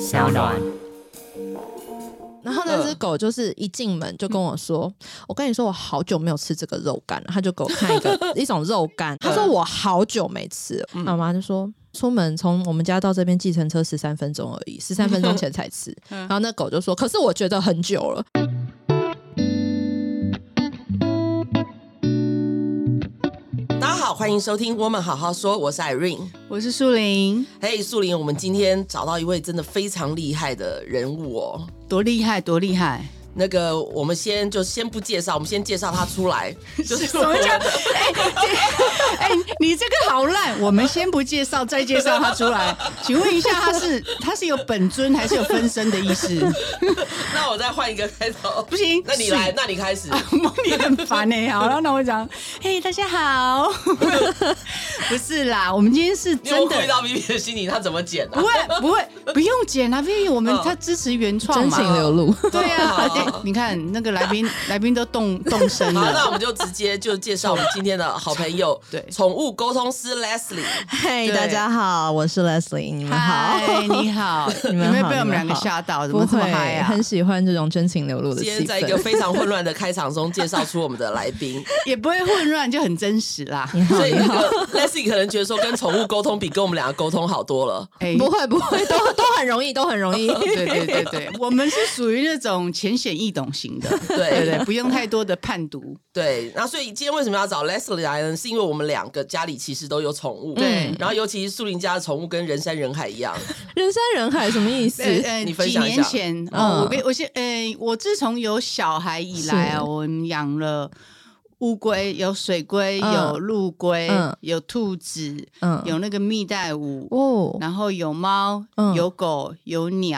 小暖，然後那隻狗就是一進門就跟我說：“嗯、我跟你說，我好久沒有吃這個肉乾了。”他就給我看一個 一種肉乾，他說：“我好久沒吃了。嗯”媽媽就說：“出門從我們家到這邊計程車十三分鐘而已，十三分鐘前才吃。嗯”然後那狗就說：“可是我覺得很久了。嗯”歡迎收聽《我們好好說》，我是 Irene 我是速玲。嘿，hey, 速玲，我們今天找到一位真的非常厲害的人物哦，多厲害，多厲害！那個，我們先就先不介紹，我們先介紹他出來，就是什麼叫？哎、欸，哎、欸，你這個好爛，我們先不介紹，再介紹他出來。請問一下，他是他是有本尊還是有分身的意思？ 那我再換一個開頭，不行，那你來，是那你開始。夢你、啊、很煩哎、欸，好，那我講，嘿，大家好， 不是啦，我們今天是真的。對，遇到 Vivi 的心裡，他怎麼剪啊？不會，不會，不用剪啊！Vivi 我們他支持原創，真情流露。對啊你看那個來賓， 來賓都動動身了。好，那我們就直接就介紹我們今天的好朋友， 對，寵物溝通師 Leslie。嘿 Hey, 對，大家好，我是 Leslie，你們好。嗨，你好，你們好。你們好，你被我們兩個嚇到，不會 怎麼會呀？啊？很喜歡這種真情流露的氣氛。今天在一個非常混亂的開場中，介紹出我們的來賓， 也不會混亂，就很真實啦。你好。Leslie 可能覺得說，跟寵物溝通比跟我們兩個溝通好多了。哎、 欸，不會，不會，都都很容易，都很容易。 對對對對，我們是屬於那種淺顯。易懂型的，對對，不用太多的判讀。對，然後所以今天為什麼要找 Leslie 來呢？是因為我們兩個家裡其實都有寵物。對，然後尤其是速玲家的寵物跟人山人海一樣。人山人海什麼意思？你分享一下。幾年前，我先……哎，我自從有小孩以來啊，我們養了烏龜，有水龜，有陸龜，有兔子，嗯，有那個蜜袋鼯哦，然後有貓，有狗，有鳥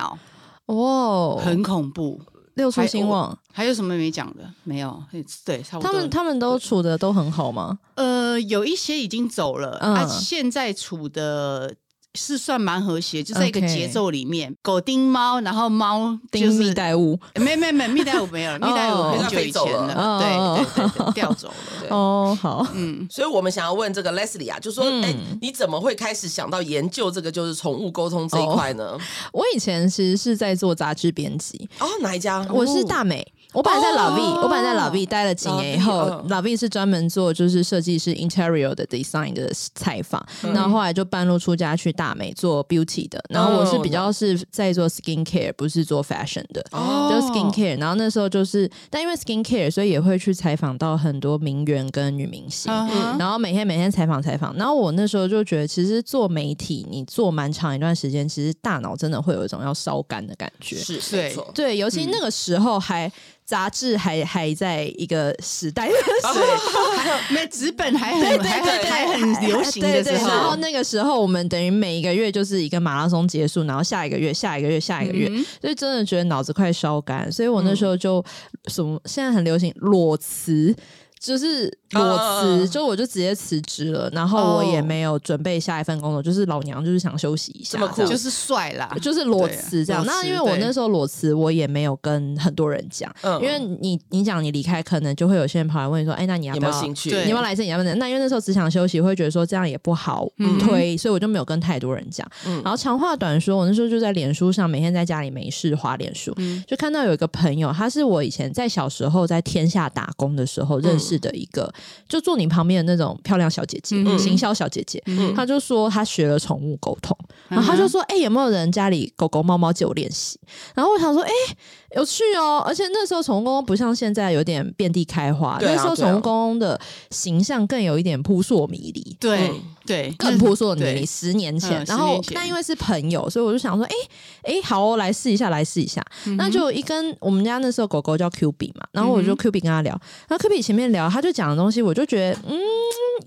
哦，很恐怖。六出興旺還。還有什麼沒講的？沒有，對，差不多。他們他們都處得都很好嗎？呃，有一些已經走了，他、嗯啊、現在處的。是算蠻和諧，就在一個節奏裡面，Okay. 狗盯貓，然後貓盯蜜袋鼯，物沒沒沒，蜜袋鼯沒有 蜜袋鼯很久以前了， 哦、對，對對對，調 走了。對哦，好，嗯，所以我們想要問這個 Leslie 啊，就說，哎、嗯欸，你怎麼會開始想到研究這個就是寵物溝通這一塊呢、哦？我以前其實是在做雜誌編輯，哦，哪一家？我是大美。我本來在 La Vie，我本來在 La Vie、oh、待了幾年以後，La Vie、oh、是專門做就是設計師 interior 的 design 的採訪，oh、然後後來就半路出家去大美做 beauty 的，然後我是比較是在做 skincare，不是做 fashion 的，oh、就 skincare。然後那時候就是，但因為 skincare，所以也會去採訪到很多名媛跟女明星，uh huh 嗯、然後每天每天採訪採訪。然後我那時候就覺得，其實做媒體，你做蠻長一段時間，其實大腦真的會有一種要燒乾的感覺，是，對，沒錯 對，尤其那個時候還。雜誌還還在一個時代的，的時候對，沒紙本還很對對對對很流行的時候對對對，然後那個時候我們等於每一個月就是一個馬拉松結束，然後下一個月下一個月下一個月，所以、嗯、真的覺得腦子快燒乾，所以我那時候就、嗯、什麼現在很流行裸辭。就是裸辭，就我就直接辭職了，然後我也沒有準備下一份工作，就是老娘就是想休息一下，就是帥啦，就是裸辭這樣。那因為我那時候裸辭，我也沒有跟很多人講，因為你你講你離開，可能就會有些人跑來問你說，哎，那你要不要興趣？你要來這，你要不要？那？因為那時候只想休息，會覺得說這樣也不好推，所以我就沒有跟太多人講。然後長話短說，我那時候就在臉書上，每天在家裡沒事滑臉書，就看到有一個朋友，他是我以前在小時候在天下打工的時候認識。是的一個，就坐你旁邊的那種漂亮小姐姐，行銷小姐姐，嗯、哼她就說她學了寵物溝通，嗯、哼然後她就說：“哎、欸，有沒有人家裡狗狗、貓貓借我練習？”然後我想說：“哎、欸。”有趣哦，而且那時候溝通不像現在有點遍地開花，啊、那時候溝通的形象更有一點撲朔迷離。對對，嗯、對更撲朔迷離。對十年前，嗯、然後那、嗯、因為是朋友，所以我就想說，哎哎、嗯哼欸欸，好、哦，來試一下，來試一下。嗯、哼那就一跟我們家那時候狗狗叫 Q 比嘛，然後我就 Q 比跟他聊，那 Q 比前面聊，他就講的東西，我就覺得嗯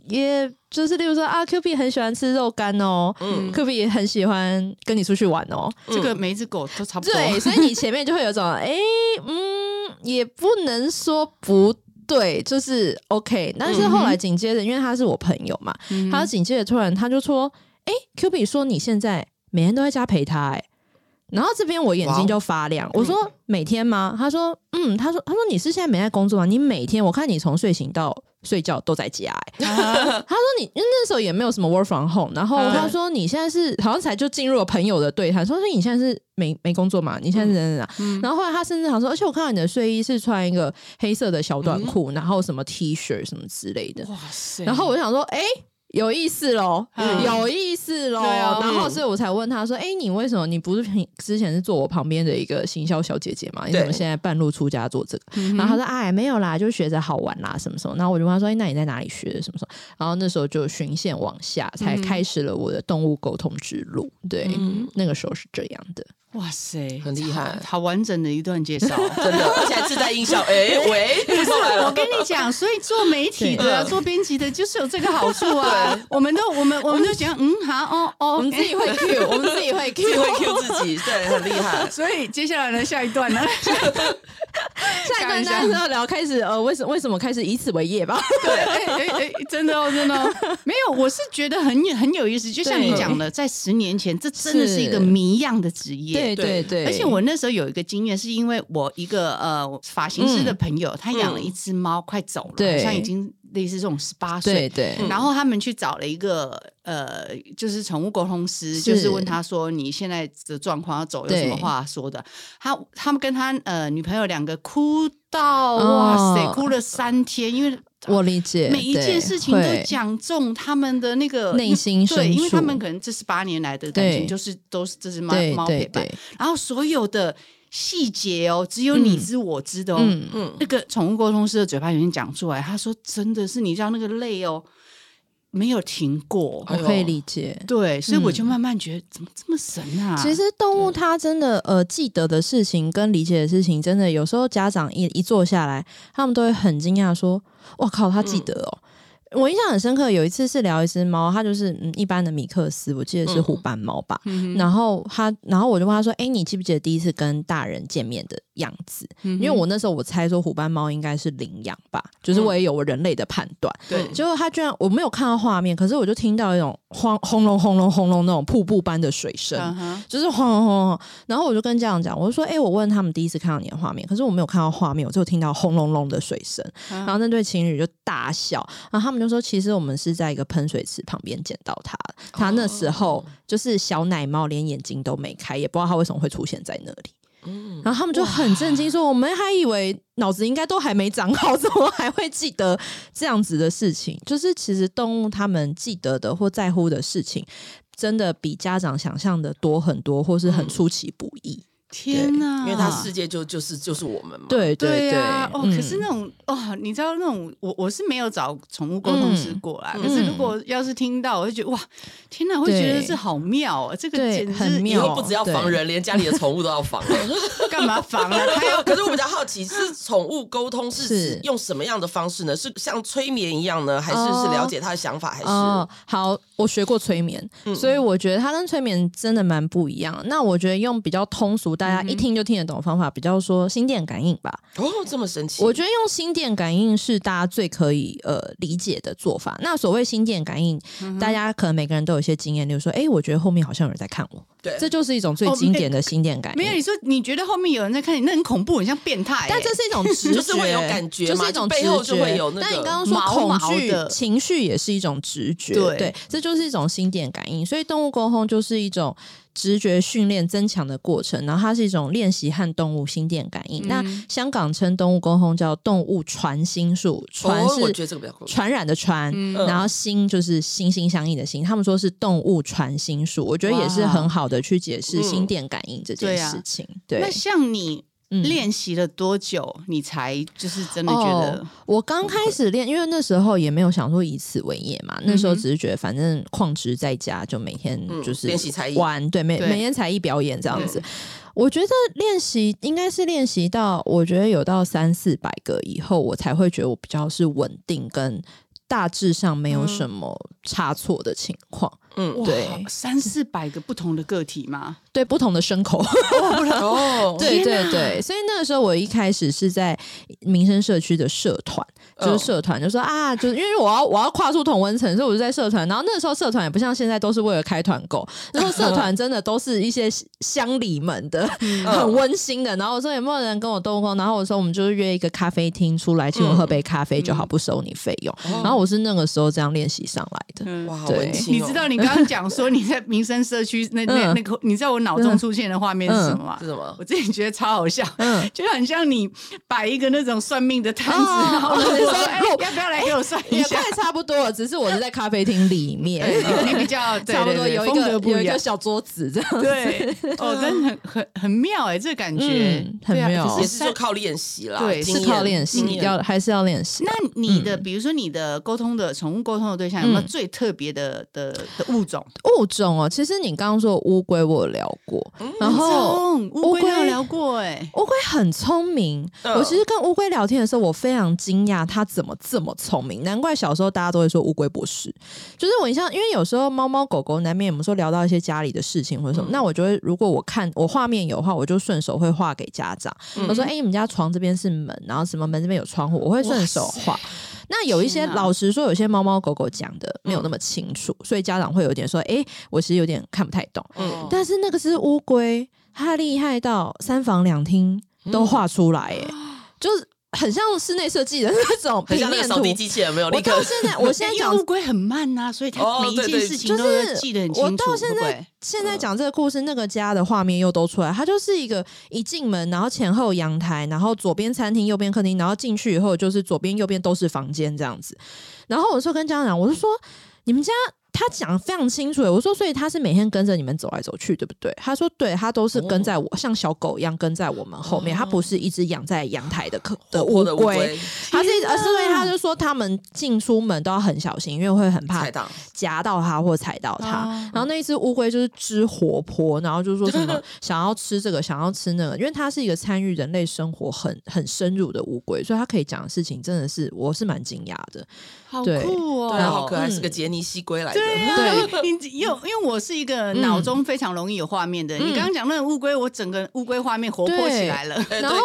也。就是例如說啊，Q B 很喜歡吃肉乾哦、嗯、，Q B 也很喜歡跟你出去玩哦，這個每隻狗都差不多。對，所以你前面就會有種，哎、 欸，嗯，也不能說不對，就是 OK。但是後來緊接着，嗯、哼因為他是我朋友嘛，嗯、哼他緊接着突然他就說，哎、欸、，Q B 說你現在每天都在家陪他、欸，哎。然後這邊我眼睛就發亮，Wow 我說，每天嗎？嗯、他說嗯，他說他說，你是現在沒在工作嗎？你每天我看你從睡醒到睡覺都在家，欸 嗯。他說你那時候也沒有什麼 work from home，然後他說你現在是，嗯、好像才就進入了朋友的對談，說說你現在是沒沒工作嗎？你現在是怎樣怎樣？嗯、然後後來他甚至好像說，而且我看到你的睡衣是穿一個黑色的小短褲，嗯、然後什麼 T 恤什麼之類的。哇塞！然後我就想說，哎、欸。有意思嘍，有意思嘍。嗯、然後所以我才問他說：“哎、嗯，欸、你為什麼？你不是平，之前是坐我旁邊的一個行銷小姐姐嘛？你對怎麼現在半路出家做這個？”嗯嗯然後他說：“哎，沒有啦，就學着好玩啦，什麼什麼。”然後我就問他說：“哎、欸，那你在哪裡學的？什麼什麼？”然後那時候就循線往下，才開始了我的動物溝通之路。嗯、對，嗯、那個時候是這樣的。哇塞，很厲害，好完整的一段介紹，真的，而且還自帶音效。哎喂，不是，我跟你講，所以做媒體的、做編輯的，就是有這個好處啊。我們都，我們，我們都覺得，嗯好，哦哦，我們自己會 Q，我們自己會 Q，會 Q 自己，對，很厲害。所以接下來呢，下一段呢，下一段，大家要聊開始，呃，為什為什麼開始以此為業吧？對，哎哎，真的哦，真的，沒有，我是覺得很很有意思。就像你講的，在十年前，這真的是一個謎一樣的職業。對，對對對，而且我那時候有一個經驗，是因為我一個呃髮型師的朋友，嗯、他養了一隻貓，嗯、快走了，對像已經類似這種十八歲，對，對，對。嗯、然後他們去找了一個呃，就是寵物溝通師，是就是問他說：“你現在的狀況要走，有什麼話說的？”對他他們跟他呃女朋友兩個哭到哇塞，哭了三天，因為。啊、我理解，每一件事情都講中對他們的那個內對對心，對，因為他們可能這十八年來的感情就是都是這只貓貓陪伴，然後所有的細節哦，只有你知我知的哦，嗯，嗯，嗯那個寵物溝通師的嘴巴已經講出來，他說真的是，你知道那個淚哦。沒有停過，我可以理解、哎。對，所以我就慢慢覺得，嗯、怎麼這麼神啊？其實動物它真的，呃，記得的事情跟理解的事情，嗯、真的有時候家長一一坐下來，他們都會很驚訝，說：“哇靠，他記得哦。嗯”我印象很深刻，有一次是聊一隻貓，它就是嗯一般的米克斯，我記得是虎斑貓吧。嗯嗯、然後他，然後我就問他說：“哎、欸，你記不記得第一次跟大人見面的樣子？”嗯、哼因為我那時候我猜說虎斑貓應該是領養吧，就是我也有我人類的判斷。對、嗯，結果他居然我沒有看到畫面，可是我就聽到一種轟轟隆轟隆轟隆那種瀑布般的水聲，嗯、哼就是轟轟轟。然後我就跟家長講，我就說：“哎、欸，我問他們第一次看到你的畫面，可是我沒有看到畫面，我就聽到轟隆隆的水聲。嗯哼”然後那對情侶就大笑，然後他們。就是說其實我們是在一個噴水池旁邊撿到它，它那時候就是小奶貓，連眼睛都沒開，也不知道它為什麼會出現在那裡。嗯，然後他們就很震驚，說我們還以為腦子應該都還沒長好，怎麼還會記得這樣子的事情？就是其實動物他們記得的或在乎的事情，真的比家長想象的多很多，或是很出其不意。嗯天吶，因為他世界就就是就是我們嘛。對對對。哦，可是那種哦，你知道那種我我是沒有找寵物溝通師過來，可是如果要是聽到，我就覺得哇，天哪，我會覺得這好妙啊。這個簡直以後不只要防人，連家裡的寵物都要防。我幹嘛防啊？還有，可是我比較好奇，是寵物溝通是指用什麼樣的方式呢？是像催眠一樣呢，還是是了解他的想法？還是？哦，好，我學過催眠，所以我覺得他跟催眠真的蠻不一樣。那我覺得用比較通俗。大家一聽就聽得懂的方法，比較說心電感應吧。哦，這麼神奇！我覺得用心電感應是大家最可以呃理解的做法。那所謂心電感應，嗯、哼大家可能每個人都有一些經驗，例如說，哎、欸，我覺得後面好像有人在看我。對，這就是一種最經典的心電感應。哦欸、沒有你說你覺得後面有人在看你，那很恐怖，很像變態、欸。但這是一種直覺， 就是會有感覺就是一種背後就會有。但你剛剛說恐懼情緒也是一種直覺，對，對，這就是一種心電感應。所以動物溝通就是一種。直覺訓練增強的過程，然後它是一種練習和動物心電感應。嗯、那香港稱動物溝通叫動物傳心術，傳是傳染的傳，哦、然後心就是心心相印的心。他們說是動物傳心術，我覺得也是很好的去解釋心電感應這件事情。嗯對，啊、對，那像你。練習、嗯、了多久，你才就是真的覺得？哦、我剛開始練，因為那時候也沒有想說以此為業嘛。嗯、哼那時候只是覺得，反正曠職在家，就每天就是練習、嗯、才藝，玩，對，每對每天才藝表演這樣子。對我覺得練習應該是練習到，我覺得有到三四百個以後，我才會覺得我比較是穩定，跟大致上沒有什麼差錯的情況。嗯嗯，對，三四百個不同的個體嘛，對，不同的牲口。哦，對對對，所以那個時候我一開始是在民生社區的社團，oh. 就是社團就說啊，就是因為我要我要跨出同溫層，所以我就在社團。然後那個時候社團也不像現在都是為了開團購，然後社團真的都是一些鄉里們的、oh. 很溫馨的。然後我說有沒有人跟我兜風，然後我說我們就約一個咖啡廳出來，請我喝杯咖啡就好，不收你費用。Oh. 然後我是那個時候這樣練習上來的。Oh. 對哇，你知道你。剛剛講說你在民生社區那那那個，你在我腦中出現的畫面是什麼？是什麼？我自己覺得超好笑，就很像你擺一個那種算命的攤子，然後說：“哎，要不要來給我算一下？”差不多，只是我是在咖啡廳裡面，比較差不多有一個有一個小桌子這樣。對，哦，真的很很很妙哎，這個感覺很妙，也是就靠練習了，是靠練習，要還是要練習？那你的比如說你的溝通的寵物溝通的對象有沒有最特別的的？物種物種哦、喔，其實你剛剛說烏龜，我有聊過。然、嗯、後烏龜、嗯、有聊過哎、欸，烏龜很聰明。呃、我其實跟烏龜聊天的時候，我非常驚訝，它怎麼這麼聰明？難怪小時候大家都會說烏龜博士。就是我印象，因為有時候貓貓狗狗難免我們說聊到一些家裡的事情或者什麼，嗯、那我覺得如果我看我畫面有的話，我就順手會畫給家長。我、嗯、說：“哎，你們家床這邊是門，然後什麼門這邊有窗戶。”我會順手畫。那有一些、啊、老實說，有些貓貓狗狗講的沒有那麼清楚，嗯、所以家長會有點說：“哎、欸，我其實有點看不太懂。嗯”但是那個是烏龜，它厲害到三房兩廳都畫出來耶，哎、嗯，就是。很像室內設計的那種平面圖，掃地機器人，沒有。我到現在，我現在烏龜很慢吶，所以它每一件事都是記得很清楚。我到現在，現在講這個故事，那個家的畫面又都出來。它就是一個一進門，然後前後陽台，然後左邊餐廳，右邊客廳，然後進去以後就是左邊右邊都是房間這樣子。然後我就跟家長，我就說你們家，他講的非常清楚，我說所以他是每天跟着你們走來走去，對不對？他說對，他都是跟在我像小狗一樣跟在我們後面。他不是一隻養在陽台的的烏龜，他是而是因為他就說他們進出門都要很小心，因為會很怕夾到它或踩到它。然後那一隻烏龜就是只活潑，然後就是說什麼想要吃這個，想要吃那個，因為它是一個參與人類生活很很深入的烏龜，所以他可以講的事情真的是我是蠻驚訝的。好酷哦，好可愛，是個捷尼西龜來。對，啊、對，你因因為我是一個腦中非常容易有畫面的人，嗯、你剛剛講那個烏龜，嗯、我整個烏龜畫面活潑起來了。對 然後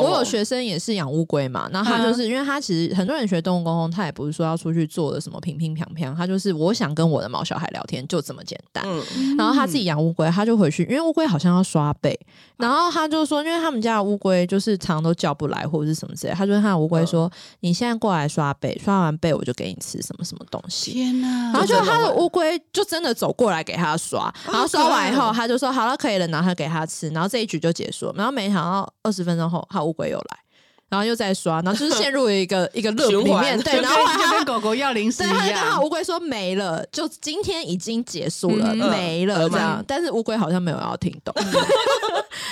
我有學生也是養烏龜嘛，然後他就是、嗯、因為他其實很多人學動物溝通，他也不是說要出去做的什麼平平平平，他就是我想跟我的毛小孩聊天，就這麼簡單。嗯、然後他自己養烏龜，他就回去，因為烏龜好像要刷背，然後他就說，因為他們家的烏龜就是常，常都叫不來或者是什麼之類，他就跟他的烏龜說，嗯、你現在過來刷背，刷完背我就給你吃什麼什麼東西。天哪、啊，然後就。他的烏龜就真的走過來給他刷，然後刷完以後他就說好了，可以了，然後他給他吃，然後這一局就結束。然後沒想到二十分鐘後，他烏龜又來。然後又再刷，然後就是陷入一個一個輪迴裡面。對，然後就跟狗狗要零食。對，他就剛好烏龜說沒了，就今天已經結束了，沒了嘛。但是烏龜好像沒有要聽懂，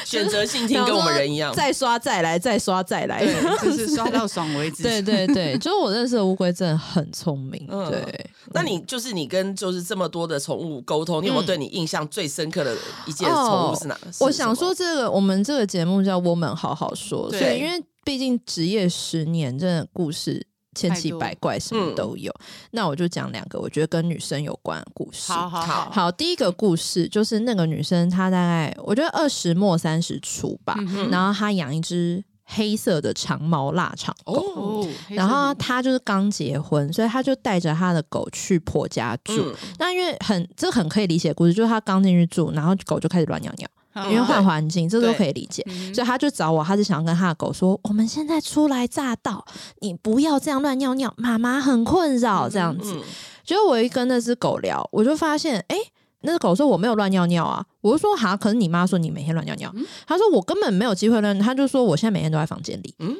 選擇性聽跟我們人一樣。再刷再來，再刷再來，就是刷到爽為止。對對對，就是我認識的烏龜真的很聰明。對，那你就是你跟就是這麼多的寵物溝通，你有沒有對你印象最深刻的一件寵物是哪？我想說這個，我們這個節目叫《我們好好說》，對，因為。畢竟職業十年，這故事千奇百怪，什麼都有。嗯、那我就講兩個我覺得跟女生有關的故事。好好好，好，第一個故事就是那個女生，她大概我覺得二十末三十初吧，嗯、哼然後她養一只黑色的長毛臘腸狗，哦、然後她就是剛結婚，所以她就帶着她的狗去婆家住。那、嗯、因為很這很可以理解的故事，就是她剛進去住，然後狗就開始亂尿尿。因為換環境，嗎這都可以理解，嗯、所以他就找我，他是想要跟他的狗說：“我們現在初來乍到，你不要這樣亂尿尿，媽媽很困擾。”這樣子，嗯嗯，結果我一跟那隻狗聊，我就發現，哎、欸，那隻狗說：“我沒有亂尿尿啊。”我就說：“哈、啊，可是你媽說你每天亂尿尿。嗯”他說：“我根本沒有機會亂。”他就說：“我現在每天都在房間裡。嗯”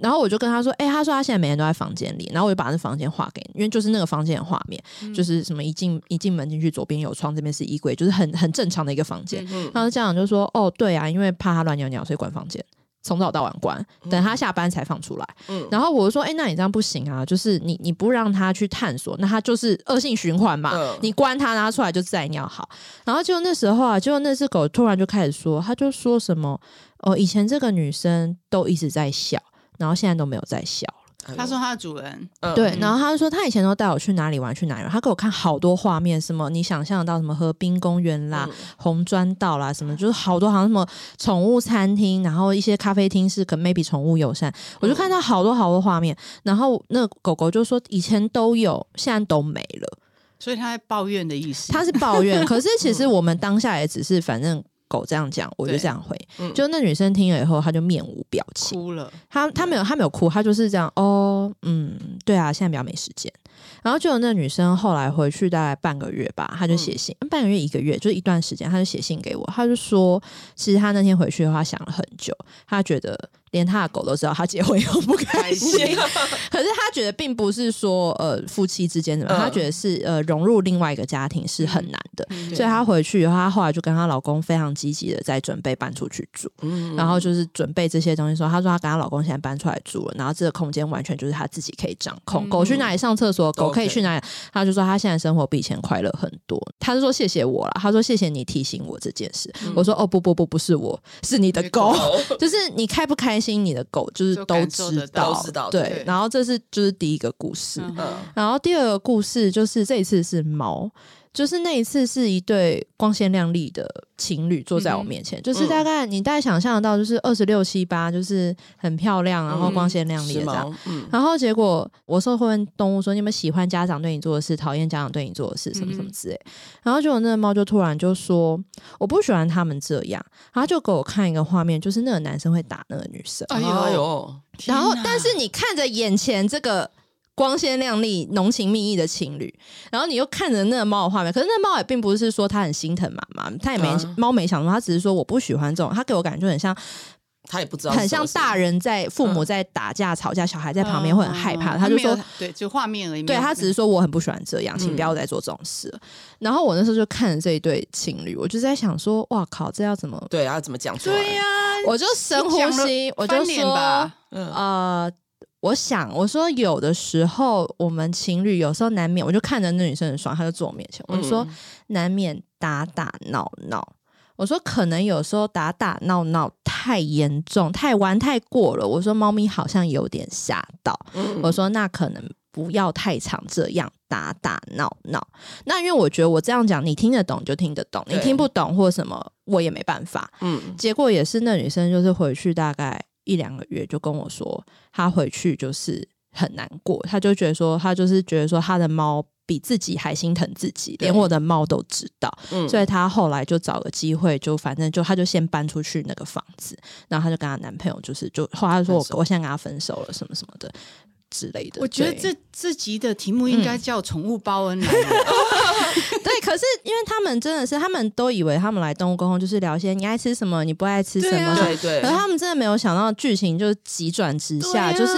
然後我就跟他說：“哎、欸，他說他現在每天都在房間裡。”然後我就把那房間畫給你，因為就是那個房間的畫面，嗯、就是什麼一進一進門進去，左邊有窗，這邊是衣櫃，就是很很正常的一個房間。嗯嗯、然後家長就說：“哦，對啊，因為怕他亂尿尿，所以關房間，從早到晚關，等他下班才放出來。嗯”然後我就說：“哎、欸，那你這樣不行啊，就是你你不讓他去探索，那他就是惡性循環嘛。呃、你關他，他出來就再尿好。”然後就那時候啊，就那只狗突然就開始說，他就說什麼：“哦，以前這個女生都一直在笑。”然後現在都沒有再笑了。哎、他說他的主人對，嗯、然後他就說他以前都帶我去哪裡玩、去哪裡玩，他給我看好多畫面，什麼你想象到什麼河濱公園啦、嗯、紅磚道啦，什麼就是好多好像什麼寵物餐廳，然後一些咖啡廳是跟 maybe 寵物友善，我就看到好多好多畫面。嗯、然後那個狗狗就說以前都有，現在都沒了，所以他在抱怨的意思，他是抱怨。 可是其實我們當下也只是反正。狗這樣講，我就這樣回。嗯、就那女生聽了以後，她就面無表情。哭了？她她沒有她沒有哭，她就是這樣。哦，嗯，對啊，現在比較沒時間。然後就有那女生後來回去大概半個月吧，她就寫信、嗯嗯。半個月一個月，就是一段時間，她就寫信給我。她就說，其實她那天回去的話，想了很久，她覺得。連他的狗都知道他結婚後不開心，可是他覺得並不是說呃夫妻之間怎麼，他覺得是呃融入另外一個家庭是很難的，所以他回去以後，他後來就跟他老公非常積極的在準備搬出去住，然後就是準備這些東西。說他說他跟他老公現在搬出來住了，然後這個空間完全就是他自己可以掌控，狗去哪裡上廁所，狗可以去哪裡。他就說他現在生活比以前快樂很多，他就說謝謝我了，他說謝謝你提醒我這件事，我說哦不不不，不是我，是你的狗，就是你開不開心你的狗就是都知道，對，然後這是就是第一個故事，嗯哼，然後第二個故事就是這一次是貓。就是那一次，是一對光鮮亮麗的情侶坐在我面前，嗯、就是大概、嗯、你大概想象得到，就是二十六七八，就是很漂亮，嗯、然後光鮮亮麗的這樣，嗯、然後結果我說會動物說你們喜歡家長對你做的事，討厭家長對你做的事，什麼什麼之類、嗯、然後結果那個貓就突然就說我不喜歡他們這樣，然後就給我看一個畫面，就是那個男生會打那個女生，哎呦，哦、哪然後但是你看着眼前這個。光鮮亮麗、濃情蜜意的情侶，然後你又看着那個貓的畫面，可是那個貓也並不是說它很心疼媽媽，它也沒、嗯、貓沒想說，它只是說我不喜歡這種，它給我感覺很像，它也不知道，很像大人在父母在打架、嗯、吵架，小孩在旁邊會很害怕，他、嗯嗯、就說，對，就畫面而已，對他只是說我很不喜歡這樣，嗯、請不要再做這種事。然後我那時候就看着這一對情侶，我就在想說，哇靠，這要怎麼對、啊，要怎麼講出來？我就深呼吸，吧我就說，嗯、呃我想我說，有的時候我們情侶有時候難免，我就看着那女生很爽，他就坐我面前。我就說難免打打鬧鬧。我說可能有時候打打鬧鬧太嚴重，太玩太過了。我說貓咪好像有點嚇到。嗯嗯，我說那可能不要太常這樣打打鬧鬧。那因為我覺得我這樣講你聽得懂就聽得懂，對你聽不懂或什麼我也沒辦法。嗯、結果也是那女生就是回去大概。一兩個月就跟我說，他回去就是很難過，他就覺得說，他就是覺得說，他的貓比自己還心疼自己，對連我的貓都知道，嗯、所以他後來就找個機會，就反正就他就先搬出去那個房子，然後他就跟她男朋友就是就後來他說我手我現在跟他分手了，什麼什麼的。之類的，我覺得這對這集的題目應該叫“寵物報恩”。對，可是因為他們真的是，他們都以為他們來動物溝通就是聊一些你愛吃什麼，你不愛吃什麼。對對、啊。可是他們真的沒有想到劇情就急轉直下，啊、就是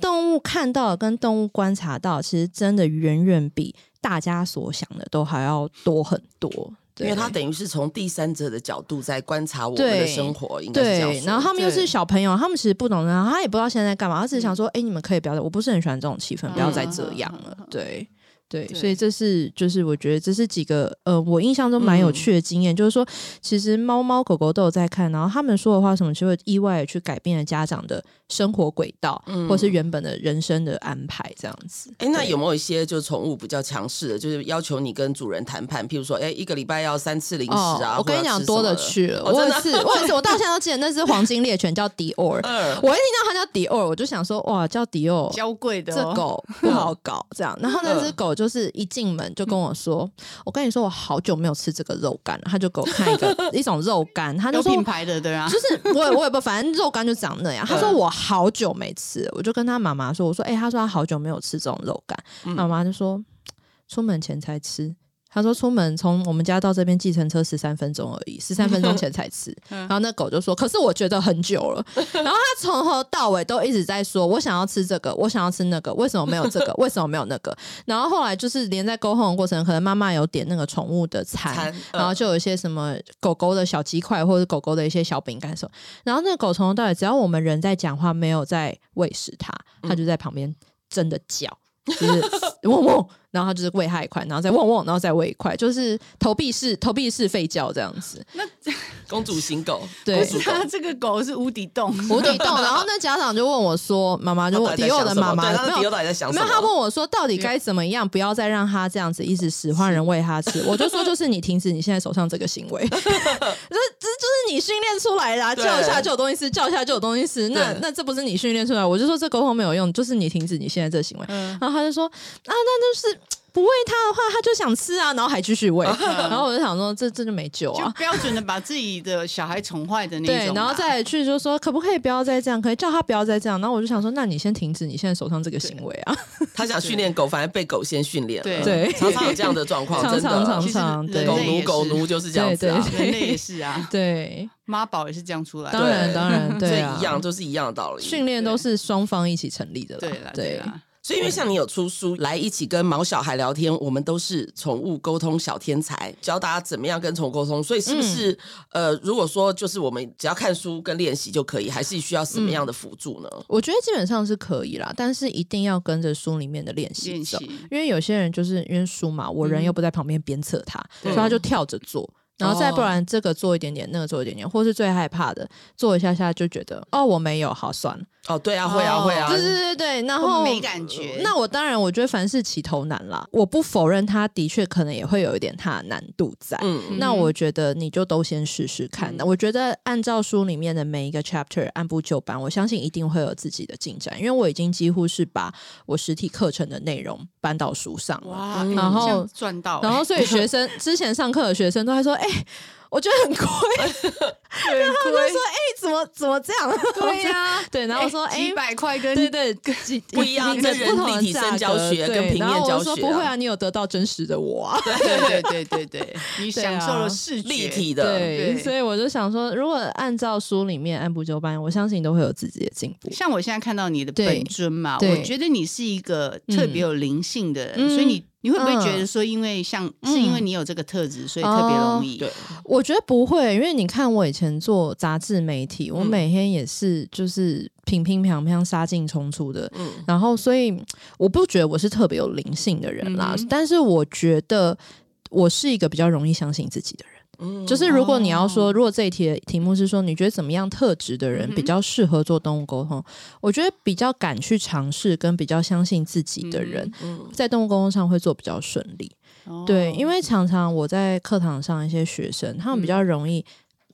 動物看到跟動物觀察到，其實真的遠遠比大家所想的都還要多很多。因為他等於是從第三者的角度在觀察我們的生活對，應該是這樣對。然後他們又是小朋友，對他們其實不懂的，他也不知道現在在幹嘛，他只是想說：“哎、嗯，你們可以不要，我不是很喜歡這種氣氛，嗯、不要再這樣了。好好好”對。對，所以這是就是我覺得這是幾個呃，我印象中蠻有趣的經驗，就是說其實貓貓狗狗都有在看，然後他們說的話，什麼就會意外的去改變了家長的生活軌道，或是原本的人生的安排這樣子。哎，那有沒有一些就寵物比較強勢的，就是要求你跟主人談判，譬如說，哎，一個禮拜要三次零食啊。我跟你講，多了去了。我也是，我也是，我到現在都記得那隻黃金獵犬叫迪歐爾。我一聽到它叫迪歐爾，我就想說，哇，叫迪歐爾嬌貴的這狗不好搞這樣。然後那隻狗。就是一進門就跟我說，嗯、我跟你說，我好久沒有吃這個肉乾了。他就給我看一個 一種肉乾，他就說有品牌的對啊， 就是我我也不，反正肉乾就長那樣。他說我好久沒吃，我就跟他媽媽說，我說哎、欸，他說他好久沒有吃這種肉乾，媽媽、嗯、就說出門前才吃。他說：“出門從我們家到這邊，計程車十三分鐘而已。十三分鐘前才吃， 然後那狗就說：‘可是我覺得很久了。’ 然後他從頭到尾都一直在說：‘我想要吃這個，我想要吃那個。’為什麼沒有這個？ 為什麼沒有那個？然後後來就是連在溝通的過程，可能媽媽有點那個寵物的餐，餓然後就有一些什麼狗狗的小雞塊，或者狗狗的一些小餅乾什麼。然後那個狗從頭到尾，只要我們人在講話，沒有在餵食它，它、嗯、就在旁邊真的叫，就是汪汪。 哇哇”然後他就是餵他一塊，然後再旺旺，然後再餵一塊，就是投幣式、投幣式吠叫這樣子。那這公主型狗，對，他這個狗是無底洞，無底洞。然後那家長就問我說：“媽媽，就我迪歐的媽媽，沒有，沒有。”他問我說：“到底該怎麼樣？不要再讓他這樣子一直使喚人餵他吃。”我就說：“就是你停止你現在手上這個行為，這這就是你訓練出來的，叫一下就有東西吃，叫一下就有東西吃。那那這不是你訓練出來？我就說這溝通沒有用，就是你停止你現在這行為。然後他就說：啊，那那是。”不餵它的話，它就想吃啊，然後還繼續餵。然後我就想說，這真的沒救啊！就標準的把自己的小孩寵壞的那種。對，然後再去就說，可不可以不要再這樣？可以叫他不要再這樣。然後我就想說，那你先停止你現在手上這個行為啊。他想訓練狗，反而被狗先訓練了。對，常常有這樣的狀況，真的，常常常常對。狗奴，狗奴就是這樣子啊，那也是啊。對，媽寶也是這樣出來的。當然，當然，是一樣，就是一樣的道理。訓練都是雙方一起成立的。對了，對所以，因為像你有出書來一起跟毛小孩聊天，我們都是寵物溝通小天才，教大家怎麼樣跟寵物溝通。所以，是不是、嗯、呃，如果說就是我們只要看書跟練習就可以，還是需要什麼樣的輔助呢、嗯？我覺得基本上是可以啦，但是一定要跟着書裡面的練習走。練習。因為有些人就是因為書嘛，我人又不在旁邊鞭策他，嗯、所以他就跳着做。然後再不然，這個做一點點，那個做一點點，或是最害怕的，做一下下就覺得哦，我沒有，好算了哦。對啊，會啊，會啊。對對對對，然後沒感覺。那我當然，我覺得凡事起頭難啦，我不否認他的確可能也會有一點他的難度在。那我覺得你就都先試試看。那我覺得按照書裡面的每一個 chapter 按部就班，我相信一定會有自己的進展。因為我已經幾乎是把我實體課程的內容搬到書上了，然後賺到，然後所以學生之前上課的學生都還說，哎。我覺得很貴，然後我就說：“哎，怎麼怎麼這樣？”對呀，對。然後說：“哎，幾百塊跟對對幾不一樣跟立體的教學跟平面教學，不會啊，你有得到真實的我，對對對對對，你享受了視立體的，對。所以我就想說，如果按照書裡面按部就班，我相信都會有自己的進步。像我現在看到你的本尊嘛，我覺得你是一個特別有靈性的人，所以你。”你會不會覺得說，因為像、嗯、是因為你有這個特質，嗯、所以特別容易？哦、對，我覺得不會，因為你看我以前做雜誌媒體，我每天也是就是、嗯、平平平平殺進衝出的，嗯、然後所以我不覺得我是特別有靈性的人啦，嗯、但是我覺得我是一個比較容易相信自己的人。嗯、就是如果你要說，哦、如果這一題的題目是說，你覺得怎麼樣特質的人比較適合做動物溝通？嗯、我覺得比較敢去嘗試跟比較相信自己的人，嗯嗯、在動物溝通上會做比較順利。哦、對，因為常常我在課堂上一些學生，嗯、他們比較容易，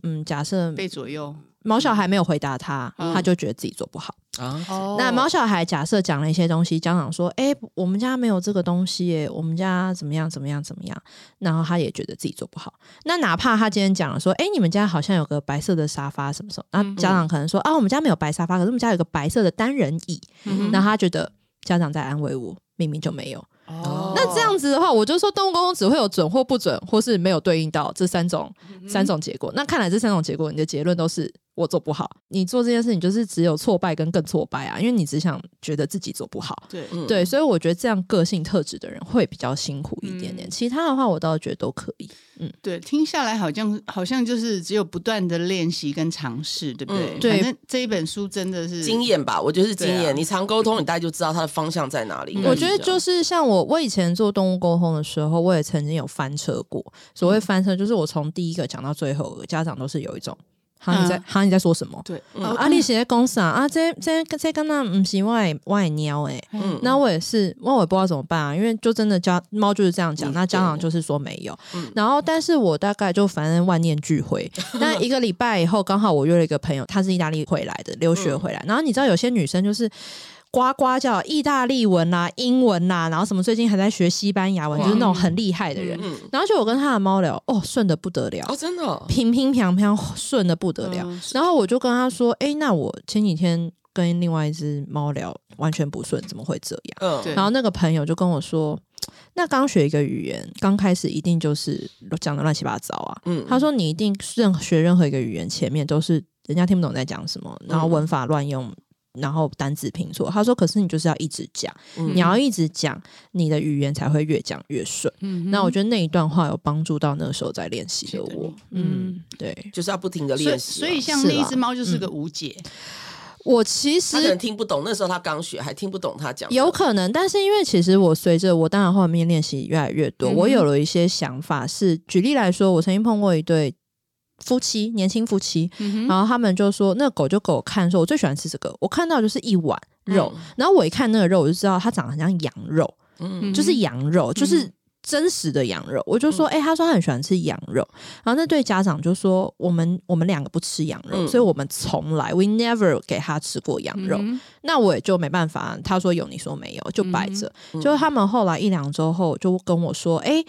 嗯，假設被左右，毛小孩沒有回答他，嗯、他就覺得自己做不好。嗯、那毛小孩假設講了一些東西，家長說：“哎、欸，我們家沒有這個東西耶、欸，我們家怎麼樣怎麼樣怎麼樣。”然後他也覺得自己做不好。那哪怕他今天講了說：“哎、欸，你們家好像有個白色的沙發什麼什麼。”那家長可能說：“嗯嗯啊，我們家沒有白沙發，可是我們家有個白色的單人椅。嗯嗯”那他覺得家長在安慰我，明明就沒有。哦、那這樣子的話，我就說動物溝通只會有準或不準，或是沒有對應到這三種三種結果。嗯、那看來這三種結果，你的結論都是。我做不好，你做這件事情就是只有挫敗跟更挫敗啊！因為你只想覺得自己做不好，對對，所以我覺得這樣個性特質的人會比較辛苦一點點。嗯、其他的話，我倒覺得都可以。嗯，對，聽下來好像好像就是只有不斷的練習跟嘗試，對不對？嗯、對，那這一本書真的是經驗吧？我覺得是經驗。啊、你常溝通，你大概就知道它的方向在哪裡。嗯嗯、我覺得就是像我，我以前做動物溝通的時候，我也曾經有翻車過。所謂翻車，就是我從第一個講到最後，家長都是有一種。好你在好，嗯、你在說什麼？對，阿、嗯啊、你寫在公司啊啊這這這跟那不是外外貓哎，那我、欸嗯嗯、我也是，我也不知道怎麼辦啊，因為就真的家貓就是這樣講，嗯、那家長就是說沒有，嗯、然後但是我大概就反正萬念俱灰。嗯、那一個禮拜以後，剛好我約了一個朋友，她是意大利回來的，留學回來。嗯、然後你知道有些女生就是。呱呱叫，意大利文啊、英文啊，然後什麼最近還在學西班牙文，就是那種很厲害的人。嗯嗯嗯、然後就我跟他的貓聊，哦，順得不得了，哦、真的，平平平平順得不得了。嗯、然後我就跟他說，哎，那我前幾天跟另外一只貓聊，完全不順，怎麼會這樣？嗯、然後那個朋友就跟我說，那剛學一個語言，剛開始一定就是講的亂七八糟啊。嗯、他說你一定任何學任何一個語言，前面都是人家聽不懂你在講什麼，然後文法亂用。嗯然後單字拼錯，他說：“可是你就是要一直講，嗯、你要一直講，你的語言才會越講越順。嗯哼”嗯，那我覺得那一段話有幫助到那時候在練習的我。的嗯，對，就是要不停的練習。所以像那一只貓就是個無解。啊嗯、我其實他可能聽不懂，那時候他剛學，還聽不懂他講。有可能，但是因為其實我隨着我當然後面練習越來越多，嗯、哼我有了一些想法是。是舉例來說，我曾經碰過一對。夫妻年輕夫妻，夫妻嗯、哼然後他們就說，那狗就給我看說，我最喜歡吃這個。我看到就是一碗肉，嗯、然後我一看那個肉，我就知道它長得很像羊肉，嗯、就是羊肉，嗯、就是真實的羊肉。我就說，哎、嗯欸，他說他很喜歡吃羊肉。然後那對家長就說，我們我們兩個不吃羊肉，嗯、所以我們從來 we never 給他吃過羊肉。嗯、那我也就沒辦法，他說有，你說沒有，就擺着。嗯、就是他們後來一兩周後就跟我說，哎、欸。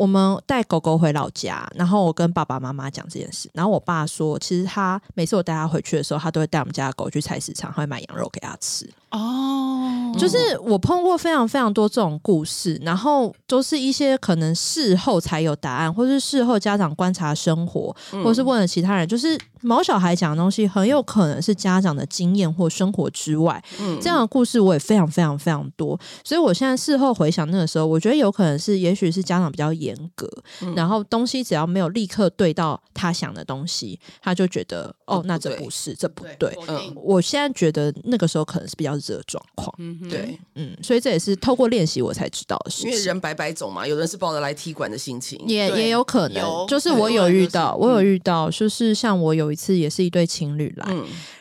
我們帶狗狗回老家，然後我跟爸爸媽媽講這件事，然後我爸說，其實他每次我帶他回去的時候，他都會帶我們家的狗去菜市場，他會買羊肉給他吃。哦，oh, 就是我碰過非常非常多這種故事，嗯、然後都是一些可能事後才有答案，或是事後家長觀察生活，嗯、或是問了其他人，就是毛小孩講的東西，很有可能是家長的經驗或生活之外，嗯、這樣的故事我也非常非常非常多。所以我現在事後回想那個時候，我覺得有可能是，也許是家長比較嚴格，嗯、然後東西只要沒有立刻對到他想的東西，他就覺得哦，哦對那這不是，這不對。嗯嗯、我現在覺得那個時候可能是比較。這狀況，對，嗯，所以這也是透過練習我才知道的，因為人百百種嘛，有人是抱着來踢館的心情，也也有可能，就是我有遇到，我有遇到，就是像我有一次也是一對情侶來，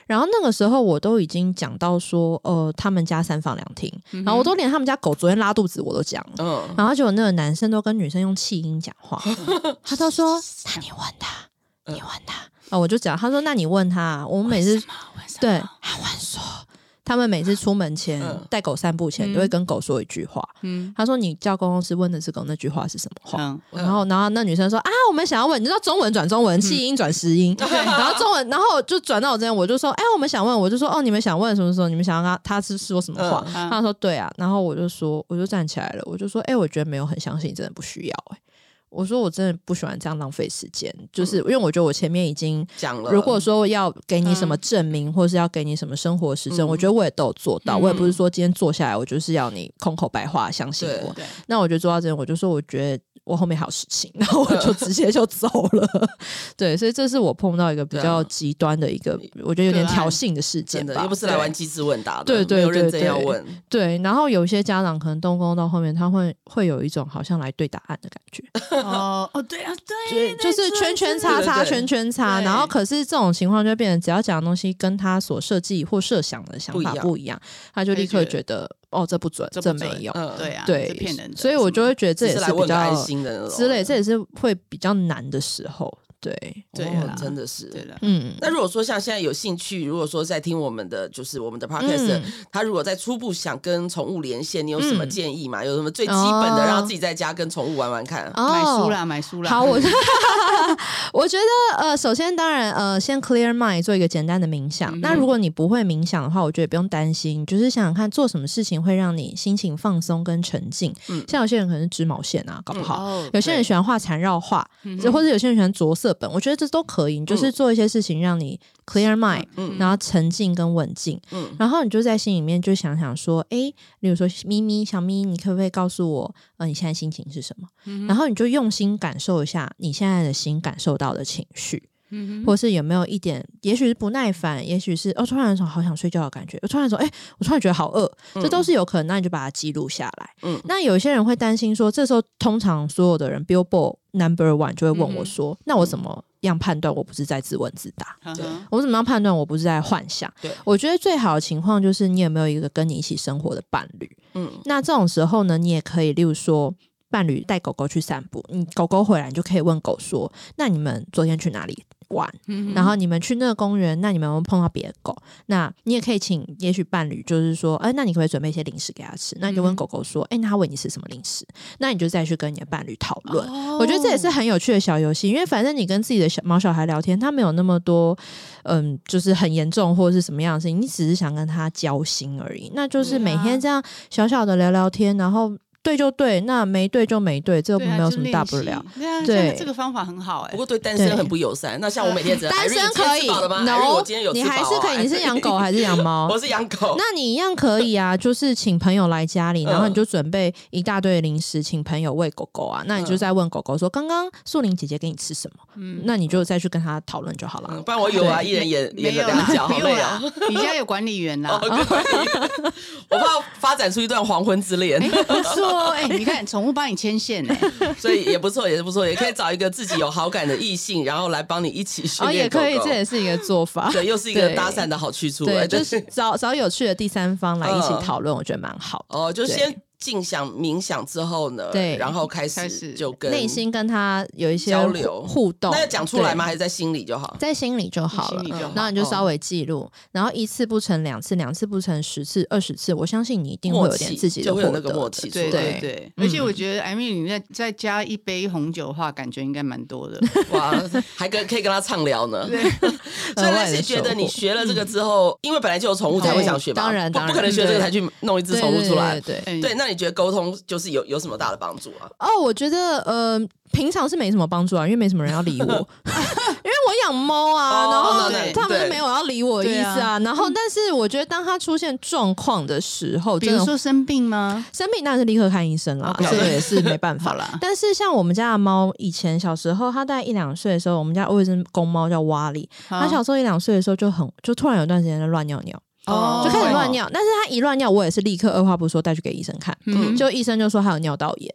然後那個時候我都已經講到說，呃，他們家三房兩廳，然後我都連他們家狗昨天拉肚子我都講了，嗯，然後就有那個男生都跟女生用氣音講話，他都說，那你問他，你問他，啊，我就講，他說，那你問他，我每次對，還問說。他們每次出門前帶狗散步前，嗯、都會跟狗說一句話。嗯嗯、他說：“你叫公公司問的是狗那句話是什麼話？”嗯嗯、然後，然後那女生說：“啊，我們想要問，你知道中文轉中文，氣音轉實音。嗯”然後中文，然後就轉到我這邊，我就說：“哎、欸，我們想問，我就說哦，你們想問什麼時候？你們想要他，他是說什麼話？”嗯嗯、他說：“對啊。”然後我就說，我就站起來了，我就說：“哎、欸，我覺得沒有很相信，真的不需要、欸。”哎。我說我真的不喜歡這樣浪費時間，嗯、就是因為我覺得我前面已經講了。如果說要給你什麼證明，或是要給你什麼生活實證，嗯、我覺得我也都有做到。嗯、我也不是說今天坐下來，我就是要你空口白話相信我。那我覺得做到這，我就說我覺得。我後面還有事情，然後我就直接就走了。對，所以這是我碰到一個比較極端的一個，我覺得有點挑釁的事件吧。又不是來玩機智問答，對對對，有人這樣問。對，然後有些家長可能動工到後面，他會會有一種好像來對答案的感覺。哦哦，對啊，對，就是圈圈叉叉，圈圈叉。然後，可是這種情況就變成，只要講的東西跟他所設計或設想的想法不一樣，他就立刻覺得。哦，這不準，這不準這沒有，對呀、嗯，對、啊，對，騙人，所以我就會覺得這也是比較之類，這，這也是會比較難的時候。對對，真的是對的。嗯，那如果說像現在有興趣，如果說在聽我們的，就是我們的 podcast，他如果在初步想跟寵物連線，你有什麼建議嗎？有什麼最基本的，讓自己在家跟寵物玩玩看？買書啦，買書啦。好，我我覺得呃，首先當然呃，先 clear mind，做一個簡單的冥想。那如果你不會冥想的話，我覺得也不用擔心，就是想想看做什麼事情會讓你心情放鬆跟沉靜。嗯，像有些人可能是織毛線啊，搞不好；有些人喜歡畫禪繞畫，或者有些人喜歡着色。我覺得這都可以，你就是做一些事情讓你 clear mind，啊嗯、然後沉靜跟穩靜，嗯、然後你就在心裡面就想想說，哎，比如說咪咪小咪，你可不可以告訴我，呃，你現在心情是什麼？嗯哼，然後你就用心感受一下你現在的心感受到的情緒。嗯，或是有沒有一點，也許是不耐煩，也許是哦，突然有種好想睡覺的感覺，我突然說，哎、欸，我突然覺得好餓，這、嗯、都是有可能。那你就把它記錄下來。嗯，那有些人會擔心說，這時候通常所有的人，Billboard Number One 就會問我說，嗯、那我怎麼樣判斷我不是在自問自答？對呵，我怎麼樣判斷我不是在幻想？對我覺得最好的情況就是你有沒有一個跟你一起生活的伴侶？嗯，那這種時候呢，你也可以，例如說伴侶帶狗狗去散步，你狗狗回來，你就可以問狗說，那你們昨天去哪裡？管，然後你們去那個公園，那你們有沒有碰到別的狗，那你也可以請也許伴侶，就是說，哎、呃，那你可，可以準備一些零食給他吃？那你就問狗狗說，哎、欸，那他餵你吃什麼零食？那你就再去跟你的伴侶討論。哦、我覺得這也是很有趣的小遊戲，因為反正你跟自己的小毛小孩聊天，他沒有那麼多，嗯、呃，就是很嚴重或者是什麼樣的事情，你只是想跟他交心而已。那就是每天這樣小小的聊聊天，然後。對就對，那沒對就沒對，這沒有什麼大不了。對，這個方法很好哎。不過對單身很不友善。那像我每天單身可以，那我你還是可以？你是養狗還是養貓？我是養狗。那你一樣可以啊，就是請朋友來家裡，然後你就準備一大堆零食，請朋友餵狗狗啊。那你就再問狗狗說：“剛剛速玲姐姐給你吃什麼？”嗯，那你就再去跟他討論就好了。不然我有啊，一人也也有兩腳啊，你家有管理員啊，我怕發展出一段黃昏之戀。哎、哦欸，你看，寵物幫你牽線呢、欸，所以也不錯，也是不錯，也可以找一個自己有好感的異性， 然後來幫你一起學習哦，也可以，這也是一個做法，對，又是一個搭訕的好去處。對，對對就是找找有趣的第三方來一起討論，呃、我覺得蠻好的。哦、呃，就先。靜想冥想之後呢，對，然後開始就跟內心跟他有一些交流互動。那要講出來嗎？還是在心裡就好？在心裡就好了。然後你就稍微記錄，然後一次不成兩次，兩次不成十次二十次，我相信你一定會有點自己的默契。對對對，而且我覺得艾米，你再再加一杯紅酒的話，感覺應該蠻多的。哇，還跟可以跟他暢聊呢。對，所以他是覺得你學了這個之後，因為本來就有寵物才會想學，當然不不可能學這個才去弄一隻寵物出來。對對，那。你覺得溝通就是有有什麼大的幫助啊？哦，我覺得呃，平常是沒什麼幫助啊，因為沒什麼人要理我，因為我養貓啊，然後他們就沒有要理我意思啊。然後，但是我覺得當它出現狀況的時候，比如說生病嗎？生病那是立刻看醫生啊，這個也是沒辦法啦。但是像我們家的貓，以前小時候它大概一兩歲的時候，我們家有一隻公貓叫瓦里，它小時候一兩歲的時候就很就突然有段時間就亂尿尿。就開始亂尿，但是他一亂尿，我也是立刻二話不說，帶去給醫生看，就醫生就說他有尿道炎。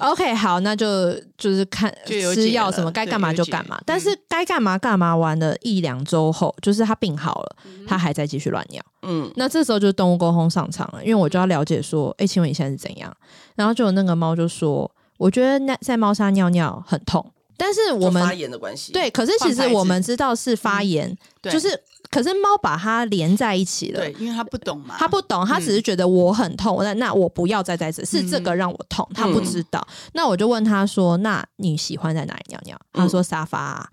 OK，好，那就就是看吃藥什麼該幹嘛就幹嘛，但是該幹嘛幹嘛完了一兩週後，就是他病好了，他還在繼續亂尿。嗯，那這時候就動物溝通上場了，因為我就要了解說，哎，請問你現在是怎樣？然後就有那個貓就說，我覺得在貓砂尿尿很痛，但是我們是發炎的關係，對，可是其實我們知道是發炎，就是。可是貓把它連在一起了，對，因為它不懂嘛，它不懂，它只是覺得我很痛，那那我不要再在這，是這個讓我痛，它不知道。那我就問它說：“那你喜歡在哪裡尿尿？”它說：“沙發啊。”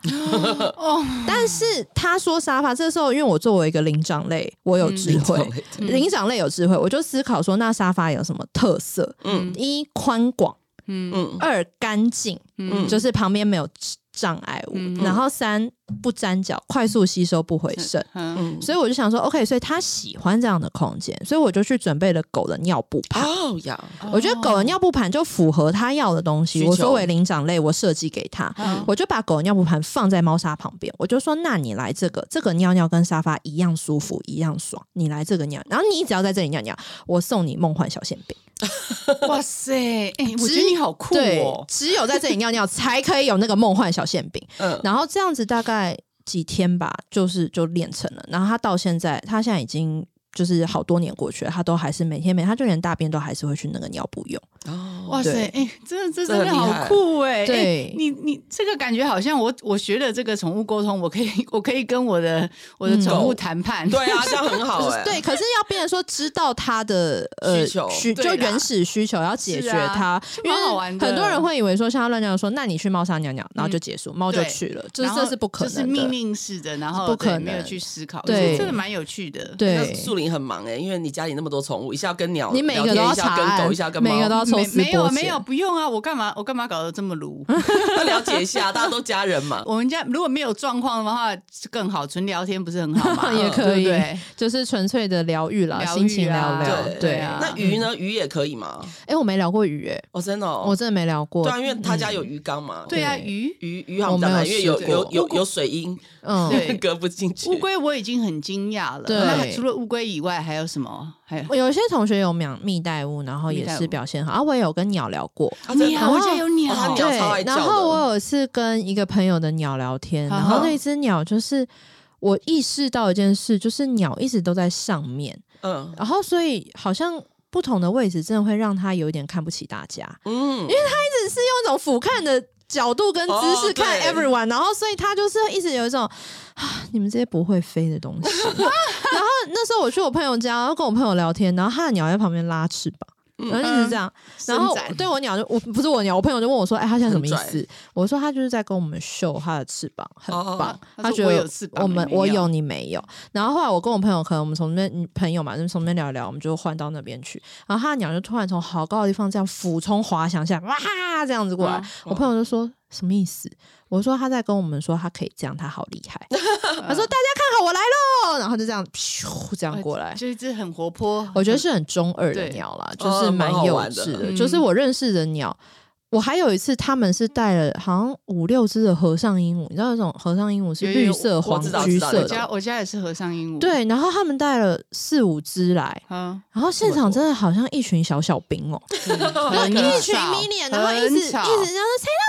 但是它說沙發。這時候，因為我作為一個靈長類，我有智慧，靈長類有智慧，我就思考說：那沙發有什麼特色？嗯，一寬廣，嗯，二乾淨，嗯，就是旁邊沒有障礙物，然後三。不粘腳，快速吸收不回滲，嗯、所以我就想說，OK，所以他喜歡這樣的空間，所以我就去準備了狗的尿布盤。哦呀，嗯、我覺得狗的尿布盤就符合他要的東西。需求。我作為靈長類，我設計給他，嗯、我就把狗的尿布盤放在貓砂旁邊。我就說，那你來這個，這個尿尿跟沙發一樣舒服，一樣爽。你來這個尿，然後你只要在這裡尿尿，我送你夢幻小餡餅。哇塞，哎、欸，我覺得你好酷哦。只。只有在這裡尿尿才可以有那個夢幻小餡餅。嗯，然後這樣子大概。在幾天吧，就是就練成了。然後他到現在，他現在已經。就是好多年過去了，他都還是每天每天他就連大便都還是會去那個尿布用。哦，哇塞，哎，真的，這真的好酷哎！對你，你這個感覺好像我我學了這個寵物溝通，我可以我可以跟我的我的寵物談判。對啊，這樣很好。對，可是要變成說知道它的呃需就原始需求要解決它，因為很多人會以為說像他亂講說，那你去貓砂尿尿，然後就結束貓就去了，這這是不可，這是命令式的，然後沒有去思考。對，這個蠻有趣的。對，樹林。很忙哎，因為你家裡那麼多寵物，一下跟鳥，一下跟狗，一下跟貓，你每一個都要查。沒有，沒有，不用啊！我幹嘛？我幹嘛搞得這麼魯？了解一下，大家都家人嘛。我們家如果沒有狀況的話，更好，純聊天不是很好嗎？也可以，就是純粹的療癒了，心情療癒。對啊，那魚呢？魚也可以嗎？哎，我沒聊過魚哎，我真的，我真的沒聊過。對啊，因為他家有魚缸嘛。對啊，魚魚魚好像因為有有有有水音，嗯，隔不進去。烏龜我已經很驚訝了，對，除了烏龜以以外還有什麼？還有一些同學有養蜜袋鼯，然後也是表現好。啊，我也有跟鳥聊過，鳥我、啊、家有鳥，鳥對。然後我有一次跟一個朋友的鳥聊天，然後那隻鳥就是我意識到一件事，就是鳥一直都在上面，嗯、uh，huh. 然後所以好像不同的位置真的會讓它有一點看不起大家，嗯，因為它一直是用一種俯瞰的。角度跟姿勢、oh, 對看 everyone，然後所以他就是一直有一種啊，你們這些不會飛的東西。 然後那時候我去我朋友家，然後跟我朋友聊天，然後他的鳥在旁邊拉翅膀。嗯、然後一直是這樣，嗯、然後對我鳥就我不是我鳥，我朋友就問我說：“哎、欸，他現在什麼意思？”很帥。我說：“他就是在跟我們秀他的翅膀，很棒。哦哦、他，他覺得我們有我有你沒有。”然後後來我跟我朋友，可能我們從那邊朋友嘛，就從那邊聊聊，我們就換到那邊去。然後他的鳥就突然從好高的地方這樣俯衝滑翔下來，哇、啊，啊、這樣子過來，哦哦、我朋友就說：“什麼意思？”我說，他在跟我們說他可以這樣，他好厲害。他說，大家看好我來咯，然後就這樣咻這樣過來，就一隻很活潑。我覺得是很中二的鳥啦，就是蠻幼稚的。就是我認識的鳥，我還有一次他們是帶了好像五六隻的和尚鸚鵡，你知道那種和尚鸚鵡是綠色、黃、橘色的。家我家也是和尚鸚鵡，對。然後他們帶了四五隻來，啊，然後現場真的好像一群小小兵哦，一群迷你然後一直一直這樣。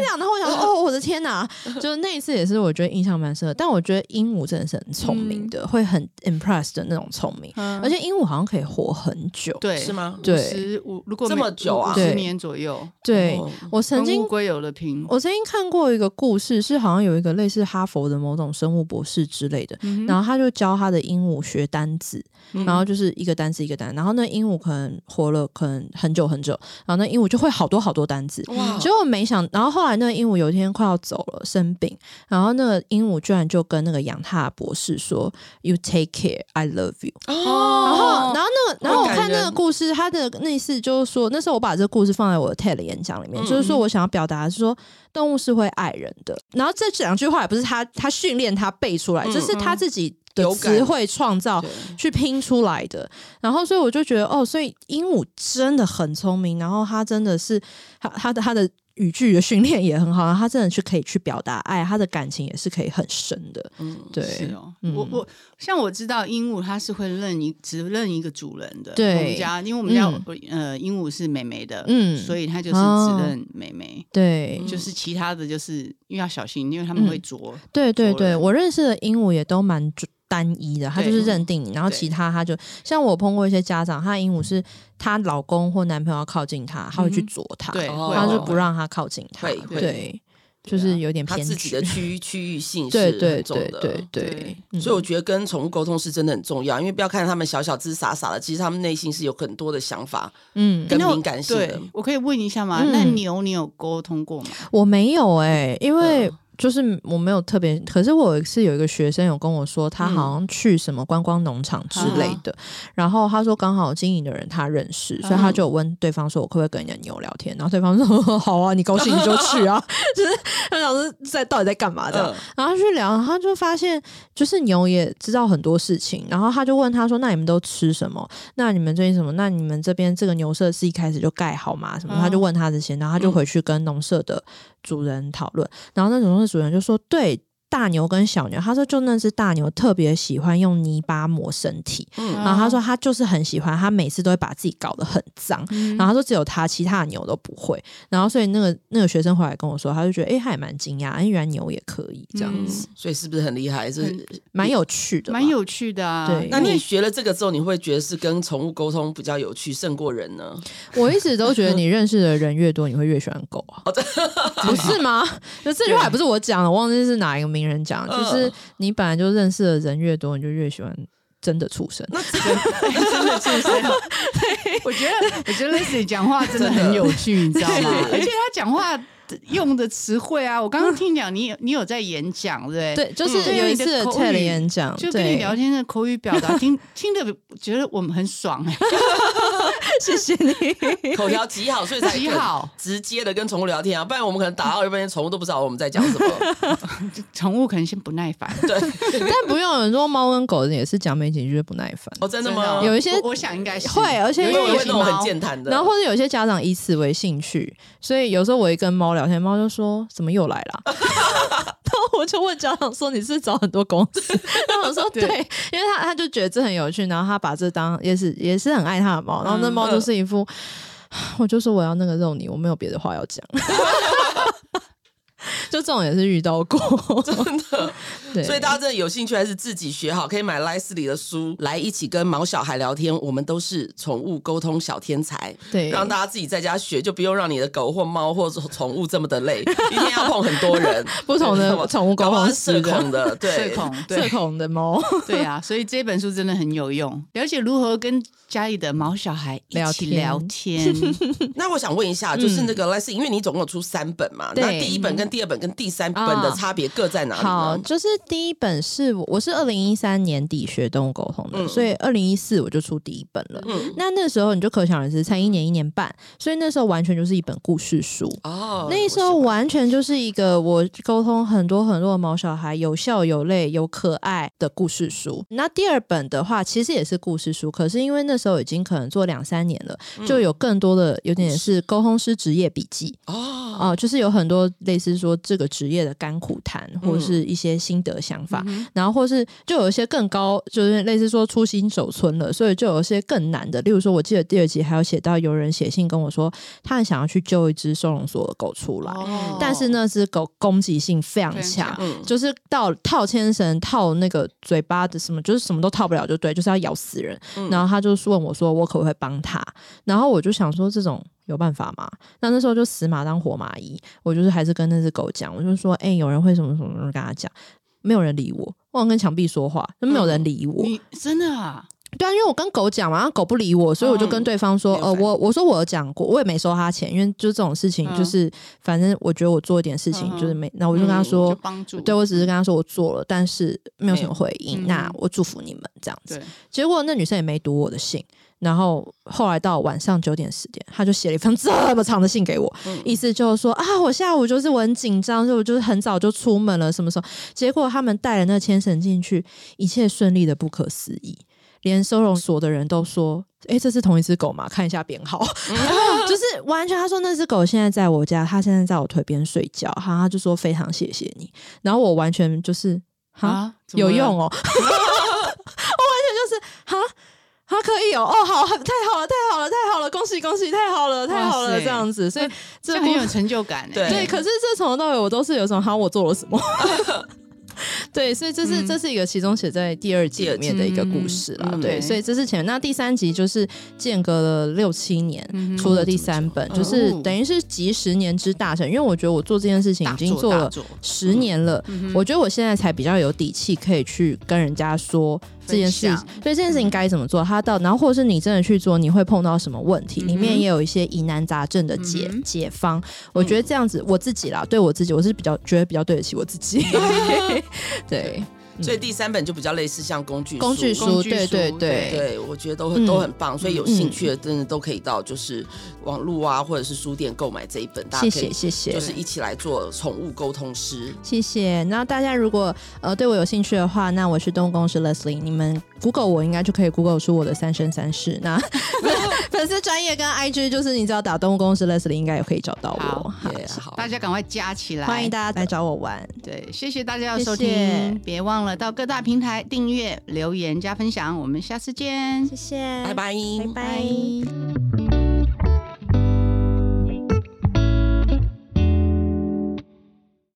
然後我想說，哦，我的天吶！就是那一次也是，我覺得印象蠻深的。但我覺得鸚鵡真的是很聰明的，會很 impressed 的那種聰明。而且鸚鵡好像可以活很久，對，是嗎？對，十五，如果這麼久啊，十年左右。對我曾經我曾經看過一個故事，是好像有一個類似哈佛的某種生物博士之類的，然後他就教他的鸚鵡學單字然後就是一個單字一個單然後那鸚鵡可能活了可能很久很久，然後那鸚鵡就會好多好多單字結果沒想，然後後。後來那鸚鵡有一天快要走了，生病，然後那個鸚鵡居然就跟那個養它的博士說：“You take care, I love you。”哦，然後，然後那個，然後我看那個故事，它的那一次就是說，那時候我把這個故事放在我的 TED 演講裡面，嗯嗯就是說我想要表達的是說，動物是會愛人的。然後這兩句話也不是他他訓練他背出來，這是他自己的詞彙創造去拼出來的。然後所以我就覺得哦，所以鸚鵡真的很聰明，然後它真的是它它的它的。語句的訓練也很好，他真的去可以去表達愛，他的感情也是可以很深的。嗯，對，是哦，嗯、我我像我知道鸚鵡它是會認一隻認一個主人的，對我們家因為我們家、嗯、呃鸚鵡是妹妹的，嗯，所以它就是只認妹妹。哦、對，就是其他的就是因為要小心，因為他們會啄、嗯，對對對，人我認識的鸚鵡也都蠻啄。單一的，他就是認定，然後其他他就像我碰過一些家長，他的鸚鵡是他老公或男朋友要靠近他，他會去啄他，然後他就不讓他靠近。會會，就是有點偏。自己的區區域性是對對對對對，所以我覺得跟寵物溝通是真的很重要，因為不要看他們小小只傻傻的，其實他們內心是有很多的想法，嗯，跟敏感性的。我可以問一下嗎？那牛你有溝通過嗎？我沒有哎，因為。就是我沒有特別，可是我有一次有一個學生有跟我說，他好像去什麼觀光農場之類的，嗯、然後他說剛好經營的人他認識，嗯、所以他就問對方說：“我可不可以跟人家牛聊天？”然後對方說：“嗯、 好啊，你高興你就去啊。” 就是他想說在到底在幹嘛的、嗯，然後去聊，他就發現就是牛也知道很多事情，然後他就問他說：“那你們都吃什麼？那你們最近什麼？那你們這邊這個牛舍是一開始就蓋好嘛？什麼？”嗯、他就問他這些，然後他就回去跟農舍的。嗯主人討論，然後那種東西主人就說：“對。”大牛跟小牛，他說就那隻大牛特別喜歡用泥巴抹身體，嗯、然後他說他就是很喜歡，他每次都會把自己搞得很髒，嗯、然後他說只有他，其他的牛都不會。然後所以那個那個學生回來跟我說，他就覺得哎，他也蠻驚訝，因為原來牛也可以這樣子，嗯、所以是不是很厲害？就是蠻有趣的，蠻有趣的、啊。對，對那你學了這個之後，你會覺得是跟寵物溝通比較有趣，勝過人呢？我一直都覺得你認識的人越多，你會越喜歡狗啊， 不是嗎？就對這句話也不是我講的，我忘記是哪一個名字。別人講，就是你本來就認識的人越多，你就越喜歡真的畜生。 畜生，我覺得我覺得 Leslie 講話真的很有趣，的你知道嗎？對對對，而且他講話。 用的詞彙啊，我剛剛聽講，你有你有在演講對,對？對，就是有一次的口語演講，嗯、就跟你,對你聊天的口語表達，聽 聽的，覺得我們很爽哎、欸， 謝謝你，口條極好，所以才極好直接的跟寵物聊天啊，不然我們可能打到一半，寵物都不知道我們在講什麼，寵 物可能先不耐煩，對， 但不用，你說貓跟狗也是講沒幾句就是不耐煩，哦，真的嗎？有一些我,我想應該是，會而且有些貓很健談的，然後或者有一些家長以此為興趣，所以有時候我會跟貓聊。小甜貓就說：“怎麼又來了？” 然後我就問家長說：“你是找很多公司？”然後我說：“對，對，因為他他就覺得這很有趣，然後他把這當也是也是很愛他的貓，然後那貓就是一副， 我就說我要那個肉泥，我沒有別的話要講。” 就這種也是遇到過，真的，所以大家真的有興趣還是自己學好，可以買 Leslie 的書來一起跟毛小孩聊天。我們都是寵物溝通小天才，對，讓大家自己在家學，就不用讓你的狗或貓或者寵物這麼的累，一天要碰很多人不同的寵物，社恐的對，社恐社恐的貓，對啊，所以這本書真的很有用，了解如何跟家裡的毛小孩一起聊天。那我想問一下，就是那個 Leslie，因為你總共有出三本嘛，那第一本跟第二本，跟第三本的差別各在哪裡、哦？好，就是第一本是我是二零一三年底學動物溝通的，嗯、所以二零一四我就出第一本了。嗯、那那時候你就可想而知，才一年一年半，所以那時候完全就是一本故事書哦。那時候完全就是一個我溝通很多很多的毛小孩，有笑有淚有可愛的故事書。那第二本的話，其實也是故事書，可是因為那時候已經可能做兩三年了，就有更多的有點點是溝通師職業筆記哦、呃、就是有很多類似說。這個職業的甘苦談，或者是一些心得想法，嗯、然後或是就有一些更高，就是類似說初心手村出新手村了，所以就有一些更難的。例如說，我記得第二集還有寫到有人寫信跟我說，他很想要去救一隻收容所的狗出來，哦、但是那隻狗攻擊性非常強，嗯、就是到套牽繩、套那個嘴巴的什麼，就是什麼都套不了，就對，就是要咬死人。嗯、然後他就是問我說，我可不可以幫他？然後我就想說，這種。有辦法嗎？那那時候就死馬當活馬醫，我就是還是跟那只狗講，我就說，哎、欸，有人會什麼什麼什麼跟他講，沒有人理我，我想跟牆壁說話，就沒有人理我。嗯、真的啊？對啊，因為我跟狗講完、啊，狗不理我，所以我就跟對方說，嗯、呃，我我說我有講過，我也沒收他錢，因為就這種事情，就是、嗯、反正我覺得我做一點事情就是沒，那我就跟他說，嗯、幫助，對我只是跟他說我做了，但是沒有什麼回應。欸嗯、那我祝福你們這樣子。對結果那女生也沒讀我的信。然後後來到晚上九點十點，他就寫了一封這麼長的信給我，嗯、意思就是說啊，我下午就是我很緊張，就就是很早就出門了，什麼時候？結果他們帶了那個牽繩進去，一切順利的不可思議，連收容所的人都說，哎，這是同一只狗嘛，看一下編號，嗯、 就是完全他說，那只狗現在在我家，它現在在我腿邊睡覺，哈，他就說非常謝謝你，然後我完全就是哈，啊、有用哦，啊、 我完全就是哈。他可以有哦，哦好，太好了，太好了，太好了，恭喜恭喜，太好了，太好了，這樣子，所以這很有成就感。對，可是這從頭到尾我都是有什麼？好，我做了什麼？對，所以這是這是一個其中寫在第二集裡面的一個故事啦。對，所以這是前那第三集就是間隔了六七年，出了第三本，就是等於是集十年之大成。因為我覺得我做這件事情已經做了十年了，我覺得我現在才比較有底氣可以去跟人家說。這件事，所以享這件事情該怎麼做？他到，然後或者是你真的去做，你會碰到什麼問題？裡面也有一些疑難雜症的解、嗯、哼解方。我覺得這樣子，我自己啦，對我自己，我是比較覺得比較對得起我自己。對。 對所以第三本就比較類似像工具書，工具書，具書，對對對，對，對，對，對我覺得都很、嗯、都很棒，所以有興趣的真的都可以到就是網絡啊、嗯、或者是書店購買這一本，謝謝謝謝，就是一起來做寵物溝通師謝謝，謝謝。那對大家如果呃對我有興趣的話，那我是動物溝通師 Leslie，你們。Google，我應該就可以 Google 出我的三生三世。那粉絲專業跟 IG，就是你知道打動物溝通 Leslie 應該也可以找到我，好。Yeah, 好，大家趕快加起來，歡迎大家來找我玩。對，謝謝大家的收聽，別謝忘了到各大平台訂閱、留言、加分享。我們下次見，謝謝，拜拜 bye，拜拜。